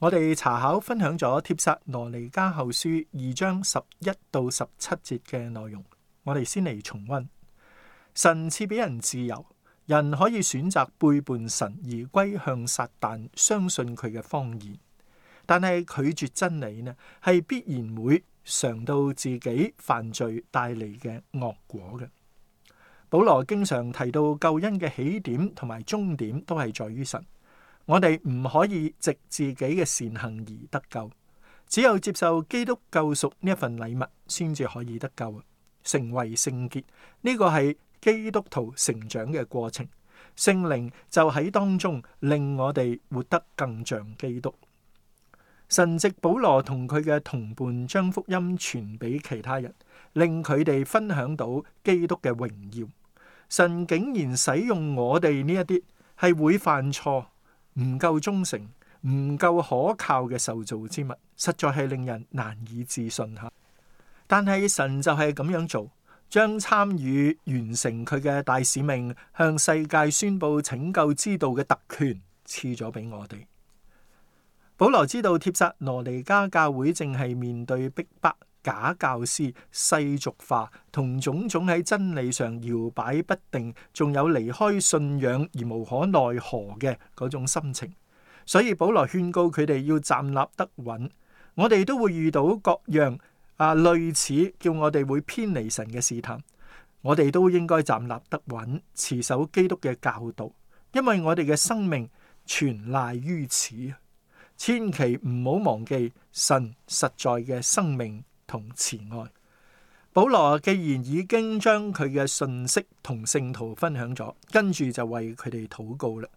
我哋查考分享咗帖撒羅尼迦後書二章十一到十七節嘅內容，我哋先嚟重溫。神賜俾人自由，人可以選擇背叛神而歸向撒旦，相信佢嘅謊言，但係拒絕真理呢，係必然會嘗到自己犯罪帶嚟嘅惡果嘅。保羅經常提到救恩嘅起點同埋終點都係在於神。我哋唔可以藉自己嘅善行而得救，只有接受基督救贖呢一份禮物，先至可以得救。成為聖潔呢個係基督徒成長嘅過程，聖靈就喺當中令我哋活得更像基督。神藉保羅同佢嘅同伴將福音傳俾其他人，令佢哋分享到基督嘅榮耀。神竟然使用我哋呢一啲係會犯錯，唔夠忠誠，唔夠可靠嘅受造之物，實在係令人難以置信吓。但係神就係咁樣做，將參與完成佢嘅大使命，向世界宣布拯救之道嘅特權賜咗俾我哋。保羅知道帖撒羅尼加教會正係面對逼迫。假教師世俗化同種種喺真理上搖擺不定，仲有離開信仰而無可奈何嘅嗰種心情，所以保羅勸告佢哋要站立得穩。我哋都會遇到各樣啊，類似叫我哋會偏離神嘅試探，我哋都應該站立得穩，持守基督嘅教導，因為我哋嘅生命全賴於此。千祈唔好忘記神實在嘅生命。同慈愛，保羅既然已經將佢嘅信息同聖徒分享咗，跟住就為佢哋禱告啦。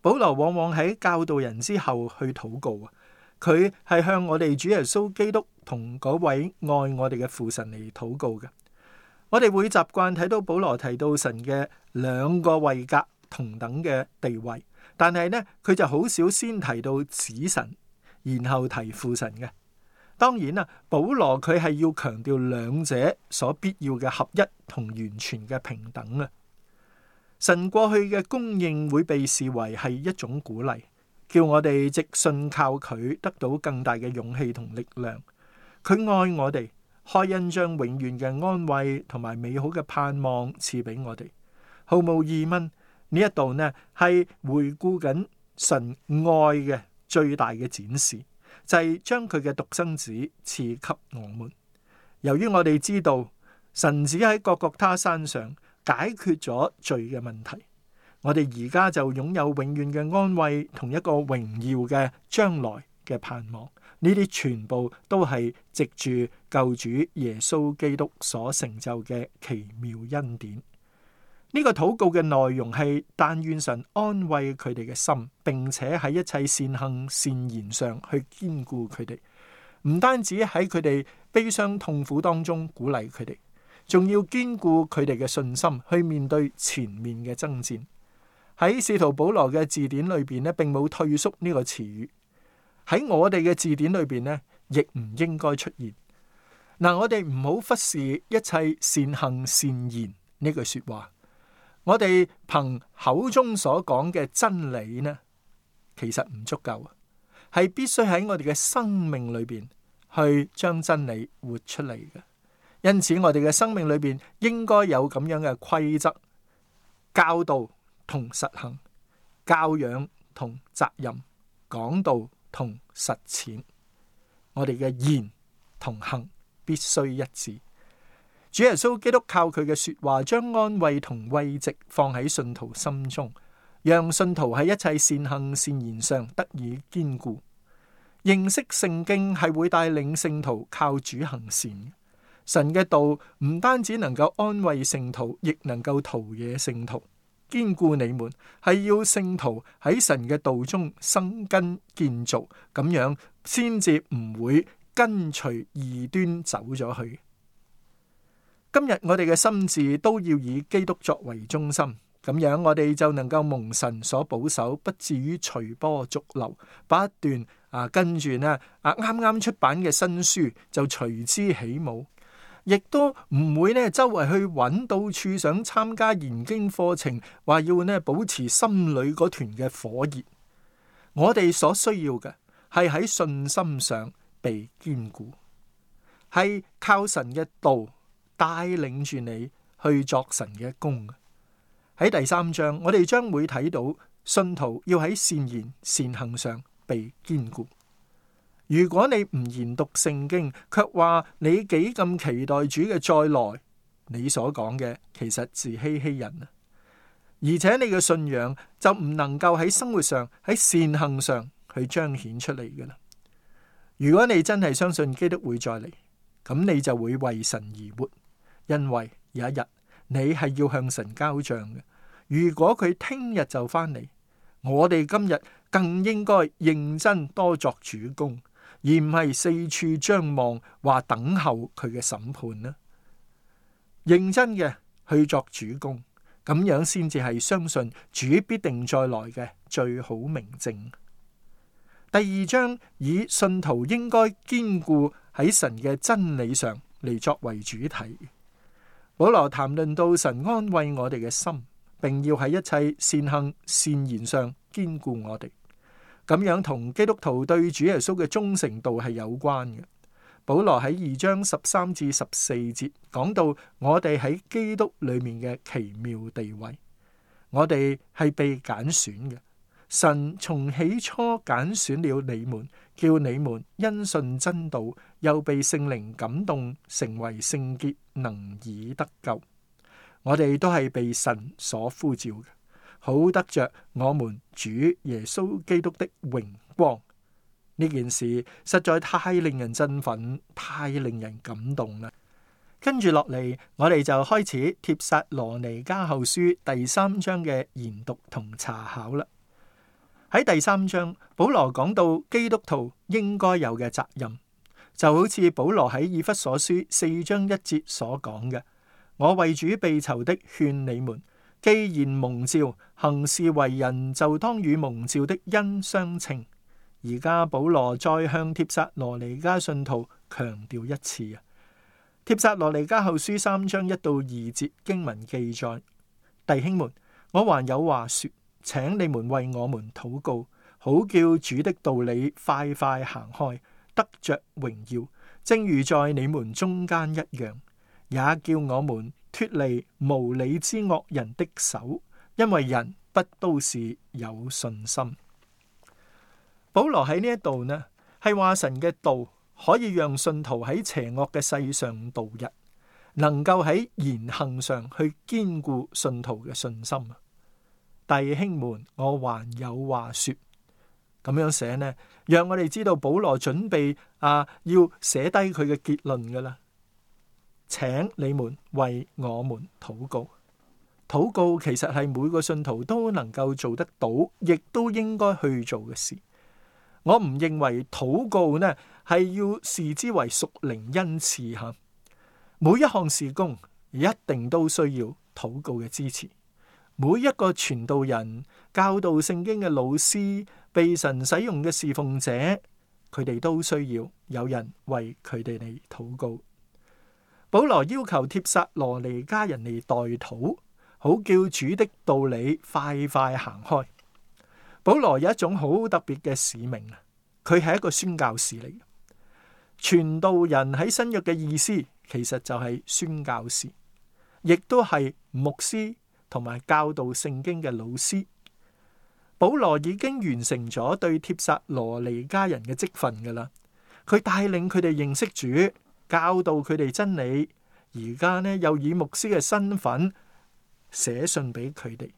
保羅往往喺教導人之後去禱告啊，佢係向我哋主耶穌基督同嗰位愛我哋嘅父神嚟禱告嘅。我哋會習慣睇到保羅提到神嘅兩個位格同等嘅地位，但係呢，佢就好少先提到子神，然後提父神嘅。當然啦，保羅佢係要強調兩者所必要嘅合一同完全嘅平等啊！神過去嘅供應會被視為係一種鼓勵，叫我哋直信靠佢，得到更大嘅勇氣同力量。佢愛我哋，開恩將永遠嘅安慰同埋美好嘅盼望賜俾我哋，毫無疑問。呢一度呢係回顧緊神愛嘅最大嘅展示，就係將佢嘅獨生子賜給我們。由於我哋知道神子喺各各他山上解決咗罪嘅問題，我哋而家就擁有永遠嘅安慰同一個榮耀嘅將來嘅盼望。呢啲全部都係藉住救主耶穌基督所成就嘅奇妙恩典。呢個禱告嘅內容係但願神安慰佢哋嘅心，並且喺一切善行善言上去堅固佢哋，唔單止喺佢哋悲傷痛苦當中鼓勵佢哋，仲要堅固佢哋嘅信心去面對前面嘅爭戰。喺使徒保羅嘅字典裏邊呢，並冇退縮呢個詞語，喺我哋嘅字典裏邊呢，亦唔應該出現。嗱，我哋唔好忽視一切善行善言呢句說話。我哋憑口中所講嘅真理呢，其實唔足夠啊，係必須喺我哋嘅生命裏邊去將真理活出嚟嘅。因此，我哋嘅生命裏邊應該有咁樣嘅規則、教導同實行、教養同責任、講道同實踐，我哋嘅言同行必須一致。主耶穌基督靠佢嘅說話，將安慰同慰藉放喺信徒心中，讓信徒喺一切善行善言上得以堅固。認識聖經係會帶領聖徒靠主行善。神嘅道唔單止能夠安慰聖徒，亦能夠陶冶聖徒。堅固你們係要聖徒喺神嘅道中生根建造，咁樣先至唔會跟隨異端走咗去。今日我哋嘅心智都要以基督作為中心，咁樣我哋就能夠蒙神所保守，不至於隨波逐流，不斷啊跟住呢啊啱啱出版嘅新書就隨之起舞，亦都唔會呢周圍去揾到處想參加研經課程，話要呢保持心裏嗰團嘅火熱。我哋所需要嘅係喺信心上被堅固，係靠神嘅道。帶領住你去作神嘅工。喺第三章，我哋將會睇到信徒要喺善言善行上被堅固。如果你唔研讀聖經，卻話你幾咁期待主嘅再來，你所講嘅其實自欺欺人啊！而且你嘅信仰就唔能夠喺生活上喺善行上去彰顯出嚟噶啦。如果你真係相信基督會再嚟，咁你就會為神而活。因為有一日你係要向神交賬嘅。如果佢聽日就返嚟，我哋今日更應該認真多作主工，而唔係四處張望，話等候佢嘅審判呢？認真嘅去作主工，咁樣先至係相信主必定再來嘅最好明證。第二章以信徒應該堅固喺神嘅真理上嚟作為主題。保羅談論到神安慰我哋嘅心，並要喺一切善行善言上堅固我哋，咁樣同基督徒對主耶穌嘅忠誠度係有關嘅。保羅喺二章十三至十四節講到我哋喺基督裏面嘅奇妙地位，我哋係被揀選嘅。神從起初揀選了你們，叫你們因信真道，又被聖靈感動，成為聖潔，能以得救。我哋都係被神所呼召，好得着我們主耶穌基督的榮光。呢件事實在太令人振奮，太令人感動啦。跟住落嚟，我哋就開始帖撒羅尼迦後書第三章嘅研讀同查考啦。喺第三章，保羅講到基督徒應該有嘅責任，就好似保羅喺以弗所書四章一節所講嘅：我為主被囚的勸你們，既然蒙召行事為人，就當與蒙召的恩相稱。而家保羅再向帖撒羅尼迦信徒強調一次啊！帖撒羅尼迦後書三章一到二節經文記載：弟兄們，我還有話說。請你們為我們禱告，好叫主的道理快快行開，得着榮耀，正如在你們中間一樣。也叫我們脫離無理之惡人的手，因為人不都是有信心。保羅喺呢一度呢，係話神嘅道可以讓信徒喺邪惡嘅世上度日，能夠喺言行上去堅固信徒嘅信心。弟兄們，我還有話說，咁樣寫呢，讓我哋知道保羅準備啊要寫低佢嘅結論噶啦，請你們為我們禱告。禱告其實係每個信徒都能夠做得到，亦都應該去做嘅事。我唔認為禱告呢係要視之為屬靈恩賜吓，每一項事工一定都需要禱告嘅支持。每一個傳道人、教導聖經嘅老師、被神使用嘅侍奉者，佢哋都需要有人為佢哋嚟禱告。保羅要求帖撒羅尼迦人嚟代禱，好叫主的道理快快行開。保羅有一種好特別嘅使命，佢係一個宣教士嚟嘅，傳道人喺新約嘅意思其實就係宣教士，亦都係牧師。同埋教導聖經嘅老師，保羅已經完成咗對帖撒羅尼迦人嘅職分㗎喇。佢帶領佢哋認識主，教導佢哋真理。而家呢又以牧師嘅身份寫信俾佢哋。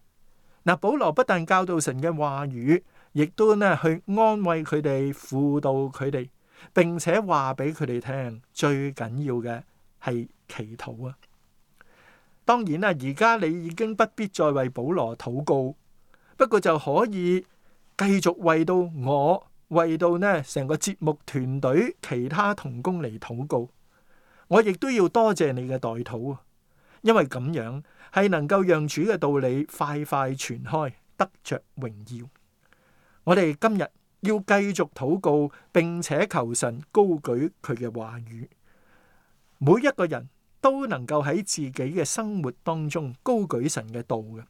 嗱，保羅不但教導神嘅話語，亦都呢去安慰佢哋、輔導佢哋，並且話俾佢哋聽。最緊要嘅係祈禱啊！當然啦，而家你已經不必再為保羅禱告，不過就可以繼續為到我，為到呢成個節目團隊其他同工嚟禱告。我亦都要多謝你嘅代禱，因為咁樣係能夠讓主嘅道理快快傳開，得着榮耀。我哋今日要繼續禱告，並且求神高舉佢嘅話語，每一個人。都能夠喺自己嘅生活當中高舉神嘅道嘅。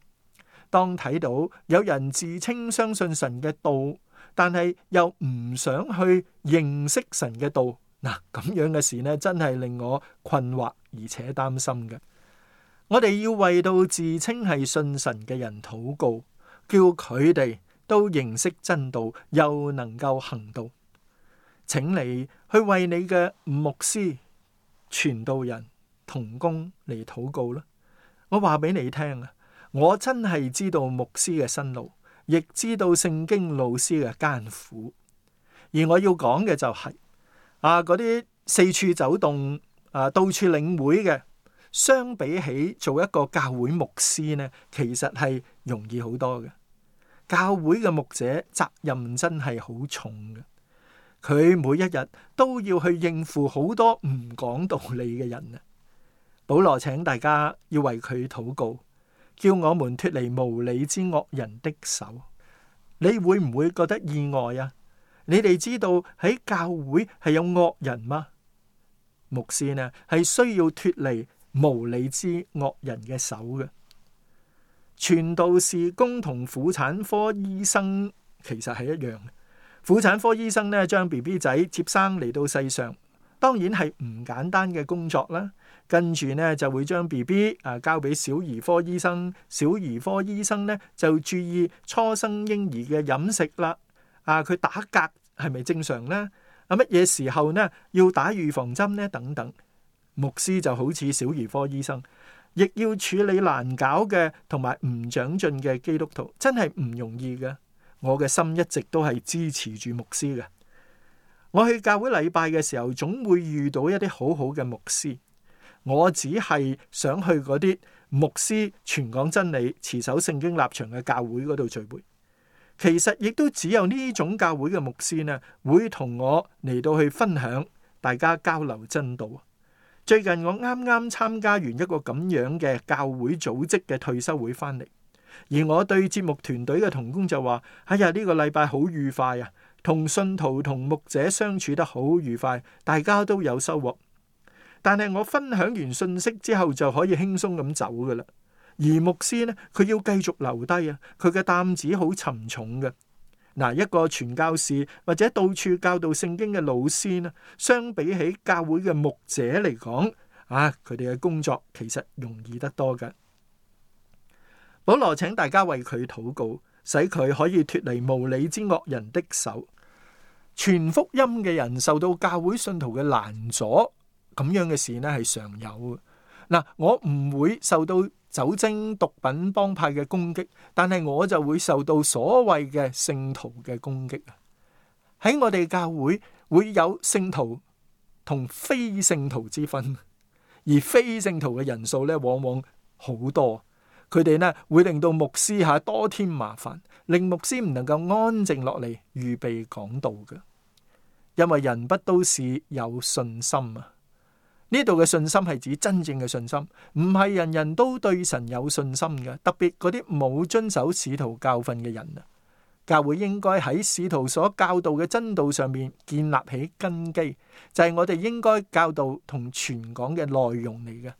當睇到有人自稱相信神嘅道，但係又唔想去認識神嘅道，嗱，咁樣嘅事呢，真係令我困惑而且擔心嘅。我哋要為到自稱係信神嘅人禱告，叫佢哋都認識真道，又能夠行道。請你去為你嘅牧師、傳道人。同工嚟禱告啦。我話俾你聽啊，我真係知道牧師嘅辛勞，亦知道聖經老師嘅艱苦。而我要講嘅就係啊，嗰啲四處走動啊，到處領會嘅，相比起做一個教會牧師呢，其實係容易好多嘅。教會嘅牧者責任真係好重嘅，佢每一日都要去應付好多唔講道理嘅人啊。保羅請大家要為佢禱告，叫我們脱離無理之惡人的手。你會唔會覺得意外呀、啊？你哋知道喺教會係有惡人嗎？牧師呢係需要脱離無理之惡人嘅手嘅。傳道士工同婦產科醫生其實係一樣嘅。婦產科醫生呢將 BB 仔接生嚟到世上。當然係唔簡單嘅工作啦，跟住呢就會將 BB 啊交俾小兒科醫生，小兒科醫生呢就注意初生嬰兒嘅飲食啦，啊佢打嗝係咪正常呢？啊乜嘢時候呢要打預防針呢？等等，牧師就好似小兒科醫生，亦要處理難搞嘅同埋唔長進嘅基督徒，真係唔容易噶。我嘅心一直都係支持住牧師嘅。我去教會禮拜嘅時候，總會遇到一啲好好嘅牧師。我只係想去嗰啲牧師傳講真理、持守聖經立場嘅教會嗰度聚會。其實亦都只有呢種教會嘅牧師呢，會同我嚟到去分享、大家交流真道。最近我啱啱參加完一個咁樣嘅教會組織嘅退休會翻嚟，而我對節目團隊嘅同工就話：「哎呀，呢個禮拜好愉快啊！同信徒同牧者相處得好愉快，大家都有收穫。但係我分享完信息之後就可以輕鬆咁走噶啦。而牧師呢，佢要繼續留低啊，佢嘅擔子好沉重嘅。嗱，一個傳教士或者到處教導聖經嘅老師呢，相比起教會嘅牧者嚟講，啊，佢哋嘅工作其實容易得多嘅。保羅請大家為佢禱告，使佢可以脫離無理之惡人的手。傳福音嘅人受到教會信徒嘅攔阻，咁樣嘅事呢係常有。嗱，我唔會受到酒精、毒品幫派嘅攻擊，但係我就會受到所謂嘅聖徒嘅攻擊啊。喺我哋教會會有聖徒同非聖徒之分，而非聖徒嘅人數呢，往往好多。佢哋呢，會令到牧師吓多添麻煩，令牧師唔能夠安靜落嚟預備講道嘅。因為人不都是有信心啊？呢度嘅信心係指真正嘅信心，唔係人人都對神有信心嘅。特別嗰啲冇遵守使徒教訓嘅人啊，教會應該喺使徒所教導嘅真道上面建立起根基，就係我哋應該教導同傳講嘅內容嚟嘅。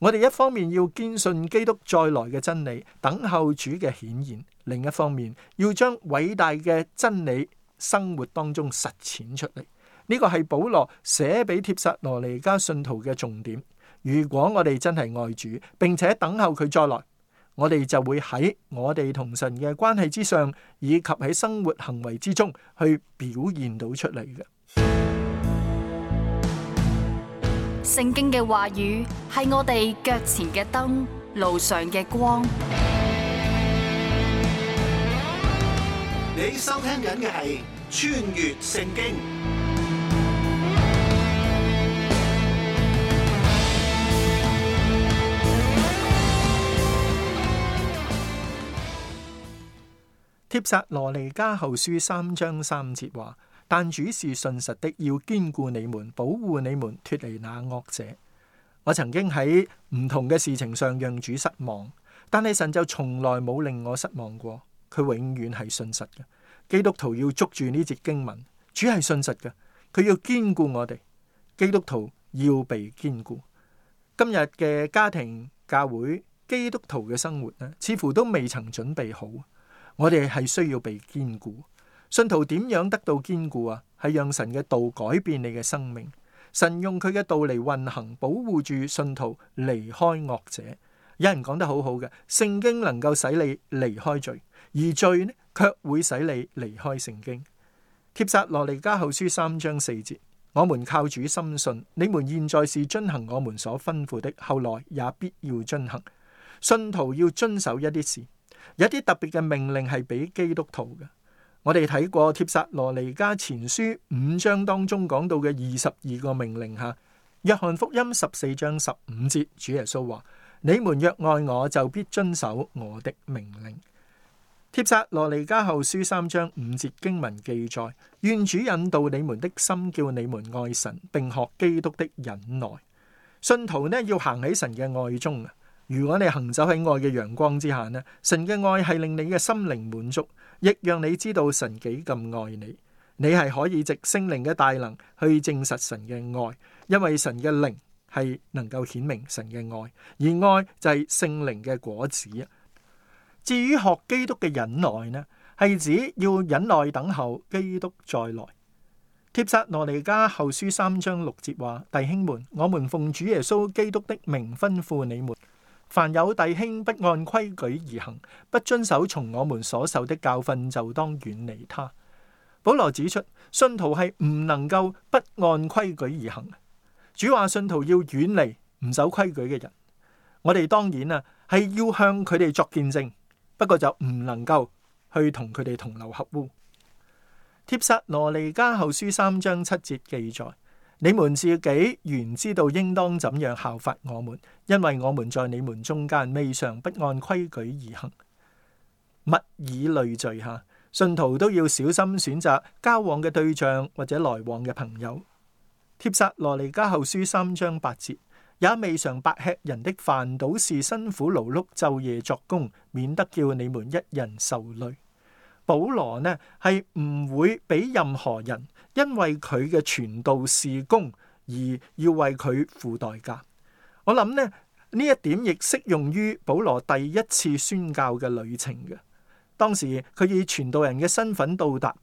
我哋一方面要堅信基督再來嘅真理，等候主嘅顯現；另一方面要將偉大嘅真理生活當中實踐出嚟。呢、這個係保羅寫俾帖撒羅尼迦信徒嘅重點。如果我哋真係愛主，並且等候佢再來，我哋就會喺我哋同神嘅關係之上，以及喺生活行為之中去表現到出嚟嘅。聖經嘅話語係我哋腳前嘅燈，路上嘅光。你收聽緊嘅係《穿越聖經》。帖撒羅尼迦後書三章三節話。但主是信實的，要堅固你們，保護你們，脱離那惡者。我曾經喺唔同嘅事情上讓主失望，但係神就從來冇令我失望過。佢永遠係信實嘅。基督徒要捉住呢節經文，主係信實嘅，佢要堅固我哋。基督徒要被堅固。今日嘅家庭、教會、基督徒嘅生活咧，似乎都未曾準備好。我哋係需要被堅固。信徒點樣得到堅固啊？係讓神嘅道改變你嘅生命。神用佢嘅道嚟運行，保護住信徒離開惡者。有人講得好好嘅，聖經能夠使你離開罪，而罪呢卻會使你離開聖經。帖撒羅尼加後書三章四節：我們靠主深信，你們現在是遵行我們所吩咐的，後來也必要遵行。信徒要遵守一啲事，有啲特別嘅命令係俾基督徒嘅。我哋睇過帖撒羅尼加前書五章當中講到嘅二十二個命令吓，約翰福音十四章十五節，主耶穌話：你們若愛我，就必遵守我的命令。帖撒羅尼加後書三章五節經文記載：願主引導你們的心，叫你們愛神，並學基督的忍耐。信徒呢要行喺神嘅愛中啊！如果你行走喺愛嘅陽光之下呢，神嘅愛係令你嘅心靈滿足。亦讓你知道神幾咁愛你，你係可以藉聖靈嘅大能去證實神嘅愛，因為神嘅靈係能夠顯明神嘅愛，而愛就係聖靈嘅果子。至於學基督嘅忍耐呢，係指要忍耐等候基督再來。帖撒羅尼迦後書三章六節話：弟兄們，我們奉主耶穌基督的名吩咐你們。凡有弟兄不按規矩而行，不遵守從我們所受的教訓，就當遠離他。保羅指出，信徒係唔能夠不按規矩而行。主話：信徒要遠離唔守規矩嘅人。我哋當然啊，係要向佢哋作見證，不過就唔能夠去同佢哋同流合污。帖撒羅尼迦後書三章七節記載。你們自己原知道應當怎樣效法我們，因為我們在你們中間未嘗不按規矩而行。物以類聚吓，信徒都要小心選擇交往嘅對象或者來往嘅朋友。帖撒羅尼加後書三章八節，也未嘗白吃人的飯，倒是，辛苦勞碌，晝夜作工，免得叫你們一人受累。保羅呢係唔會俾任何人。因為佢嘅傳道事工而要為佢付代價，我諗呢呢一點亦適用於保羅第一次宣教嘅旅程嘅。當時佢以傳道人嘅身份到達，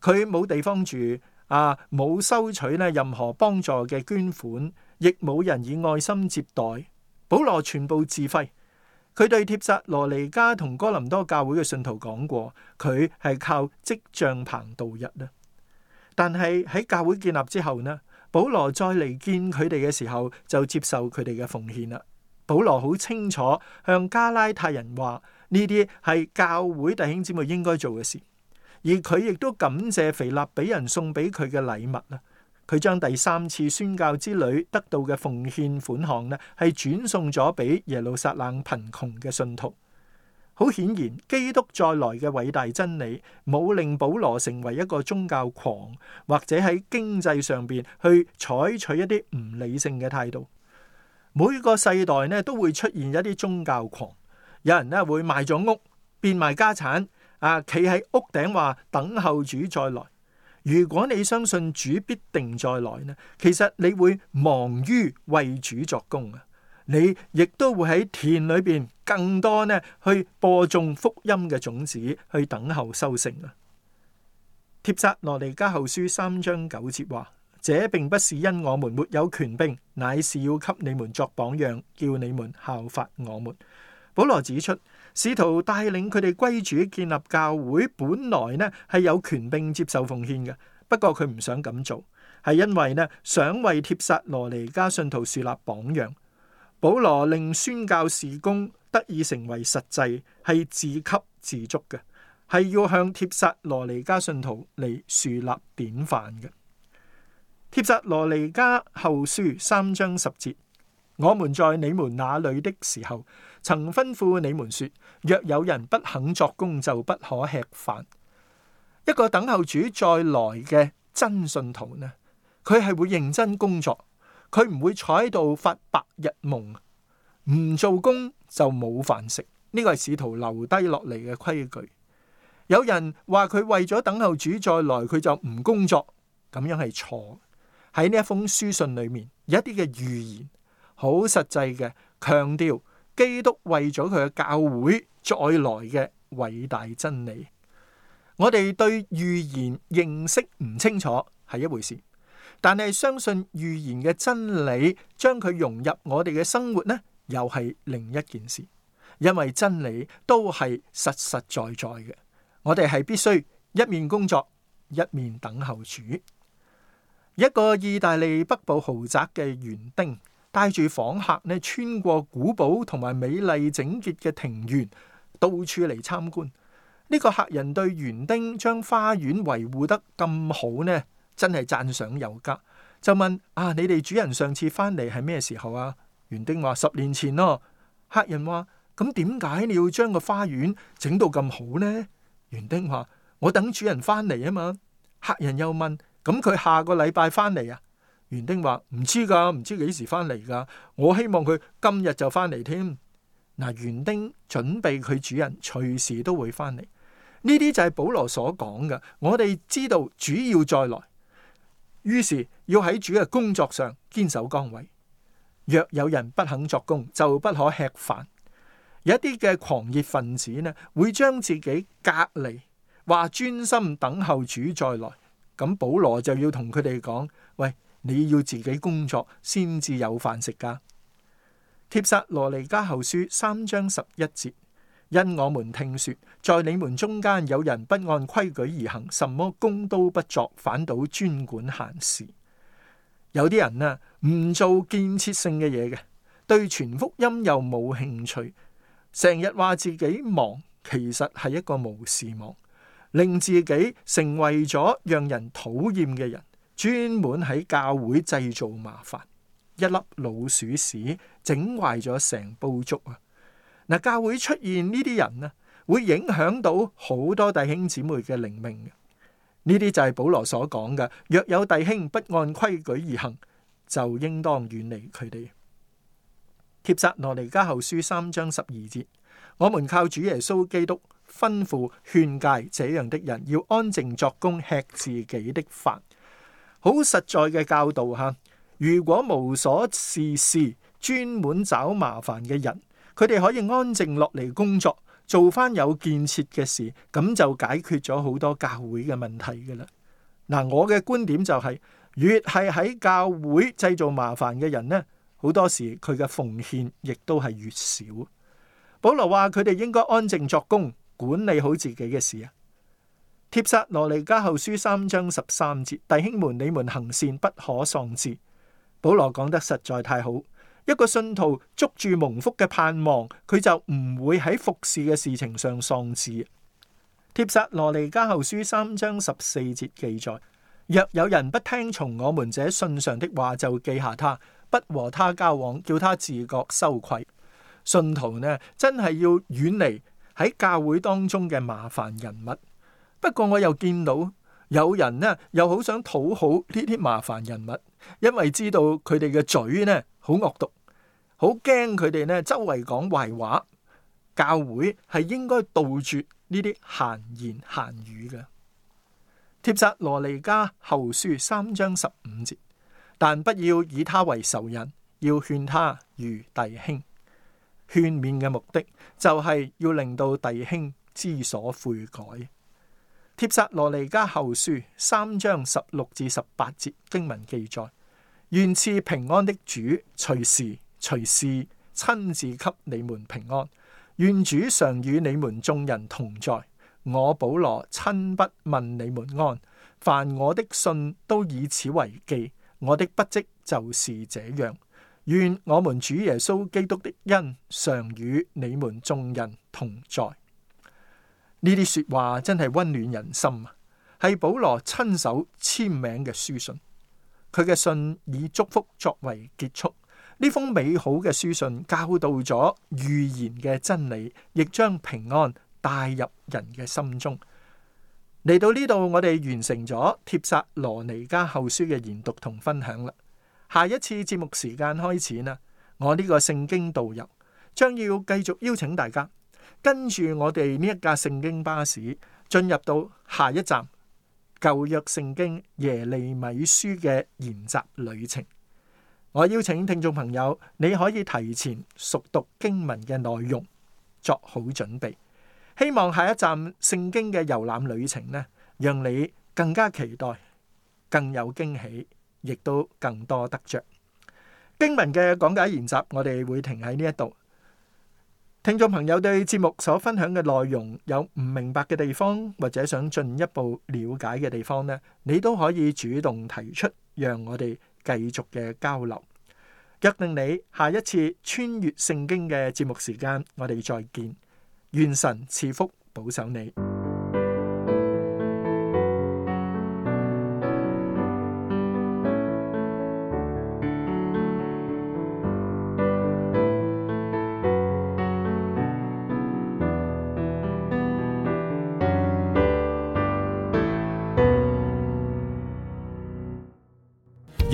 佢冇地方住，啊冇收取呢任何幫助嘅捐款，亦冇人以愛心接待。保羅全部自費。佢對帖撒羅尼迦同哥林多教會嘅信徒講過，佢係靠織帳棚度日啦。但係喺教會建立之後呢，保羅再嚟見佢哋嘅時候就接受佢哋嘅奉獻啦。保羅好清楚向加拉太人話呢啲係教會弟兄姊妹應該做嘅事，而佢亦都感謝腓立比人送俾佢嘅禮物啦。佢將第三次宣教之旅得到嘅奉獻款項呢，係轉送咗俾耶路撒冷貧窮嘅信徒。好顯然，基督再來嘅偉大真理，冇令保羅成為一個宗教狂，或者喺經濟上邊去採取一啲唔理性嘅態度。每個世代呢都會出現一啲宗教狂，有人呢會賣咗屋，變賣家產，啊，企喺屋頂話等候主再來。如果你相信主必定再來呢，其實你會忙於為主作工啊！你亦都會喺田裏邊更多呢？去播種福音嘅種子，去等候收成啊！帖撒羅尼迦後書三章九節話：這並不是因我們沒有權柄，乃是要給你們作榜樣，叫你們效法我們。保羅指出，試圖帶領佢哋歸主、建立教會，本來呢係有權柄接受奉獻嘅。不過佢唔想咁做，係因為呢想為帖撒羅尼迦信徒樹立榜樣。保羅令宣教事工得以成為實際，係自給自足嘅，係要向帖撒羅尼迦信徒嚟樹立典範嘅。帖撒羅尼迦後書三章十節，我們在你們那裏的時候，曾吩咐你們說，若有人不肯作工，就不可吃飯。一個等候主再來嘅真信徒呢，佢係會認真工作。佢唔會坐喺度發白日夢，唔做工就冇飯食。呢個係試圖留低落嚟嘅規矩。有人話佢為咗等候主再來，佢就唔工作，咁樣係錯。喺呢一封書信裏面，有一啲嘅預言，好實際嘅強調基督為咗佢嘅教會再來嘅偉大真理。我哋對預言認識唔清楚係一回事。但係相信預言嘅真理，將佢融入我哋嘅生活呢？又係另一件事，因為真理都係實實在在嘅。我哋係必須一面工作，一面等候主。一個意大利北部豪宅嘅園丁帶住訪客呢，穿過古堡同埋美麗整潔嘅庭園，到處嚟參觀。呢個客人對園丁將花園維護得咁好呢？真係讚賞有加，就問啊，你哋主人上次翻嚟係咩時候啊？園丁話十年前咯。客人話咁點解你要將個花園整到咁好呢？園丁話我等主人翻嚟啊嘛。客人又問，咁佢下個禮拜翻嚟啊？園丁話唔知噶，唔知幾時翻嚟噶。我希望佢今日就翻嚟添。嗱，園丁準備佢主人隨時都會翻嚟。呢啲就係保羅所講嘅。我哋知道主要再來。於是要喺主嘅工作上堅守崗位。若有人不肯作工，就不可吃飯。有一啲嘅狂熱分子呢，會將自己隔離，話專心等候主再來。咁，保羅就要同佢哋講：「喂，你要自己工作先至有飯食㗎。帖撒羅尼迦後書三章十一節。因我們聽說，在你們中間有人不按規矩而行，什麼工都不作，反倒專管閒事。有啲人啊，唔做建設性嘅嘢嘅，對全福音又冇興趣，成日話自己忙，其實係一個無事忙，令自己成為咗讓人討厭嘅人，專門喺教會製造麻煩，一粒老鼠屎整壞咗成煲粥啊！嗱，教會出現呢啲人呢，會影響到好多弟兄姊妹嘅靈命。呢啲就係保羅所講嘅：若有弟兄不按規矩而行，就應當遠離佢哋。帖撒羅尼迦後書三章十二節，我們靠主耶穌基督吩咐勸戒這樣的人，要安靜作工，吃自己的飯。好實在嘅教導吓。如果無所事事，專門找麻煩嘅人，佢哋可以安靜落嚟工作，做返有建設嘅事，咁就解決咗好多教會嘅問題噶啦。嗱、啊，我嘅觀點就係、是，越係喺教會製造麻煩嘅人呢，好多時佢嘅奉獻亦都係越少。保羅話佢哋應該安靜作工，管理好自己嘅事啊。帖撒羅尼迦後書三章十三節，弟兄們，你們行善不可喪志。保羅講得實在太好。一個信徒捉住蒙福嘅盼望，佢就唔會喺服侍嘅事情上喪志。帖撒羅尼迦後書三章十四節記載：若有人不聽從我們這信上的話，就記下他，不和他交往，叫他自覺羞愧。信徒呢，真係要遠離喺教會當中嘅麻煩人物。不過我又見到有人呢，又好想討好呢啲麻煩人物。因為知道佢哋嘅嘴呢，好惡毒，好驚佢哋呢周圍講壞話，教會係應該杜絕呢啲閒言閒語嘅。帖撒羅尼加後書三章十五節，但不要以他為仇人，要勸他如弟兄。勸勉嘅目的就係要令到弟兄知所悔改。帖撒羅尼迦後書三章十六至十八節經文記載：願賜平安的主，隨時隨事親自給你們平安。願主常與你們眾人同在。我保羅親筆問你們安。凡我的信都以此為記。我的筆跡就是這樣。願我們主耶穌基督的恩常與你們眾人同在。呢啲說話真係温暖人心啊！係保羅親手簽名嘅書信，佢嘅信以祝福作為結束。呢封美好嘅書信教導咗預言嘅真理，亦將平安帶入人嘅心中。嚟到呢度，我哋完成咗帖撒羅尼加後書嘅研讀同分享啦。下一次節目時間開始啦，我呢個聖經導遊將要繼續邀請大家。跟住我哋呢一架聖經巴士進入到下一站舊約聖經耶利米書嘅研習旅程，我邀請聽眾朋友，你可以提前熟讀經文嘅內容，作好準備。希望下一站聖經嘅遊覽旅程呢，讓你更加期待，更有驚喜，亦都更多得着經文嘅講解研習。我哋會停喺呢一度。聽眾朋友，對節目所分享嘅內容有唔明白嘅地方，或者想進一步了解嘅地方呢，你都可以主動提出，讓我哋繼續嘅交流。約定你下一次穿越聖經嘅節目時間，我哋再見。願神賜福保守你。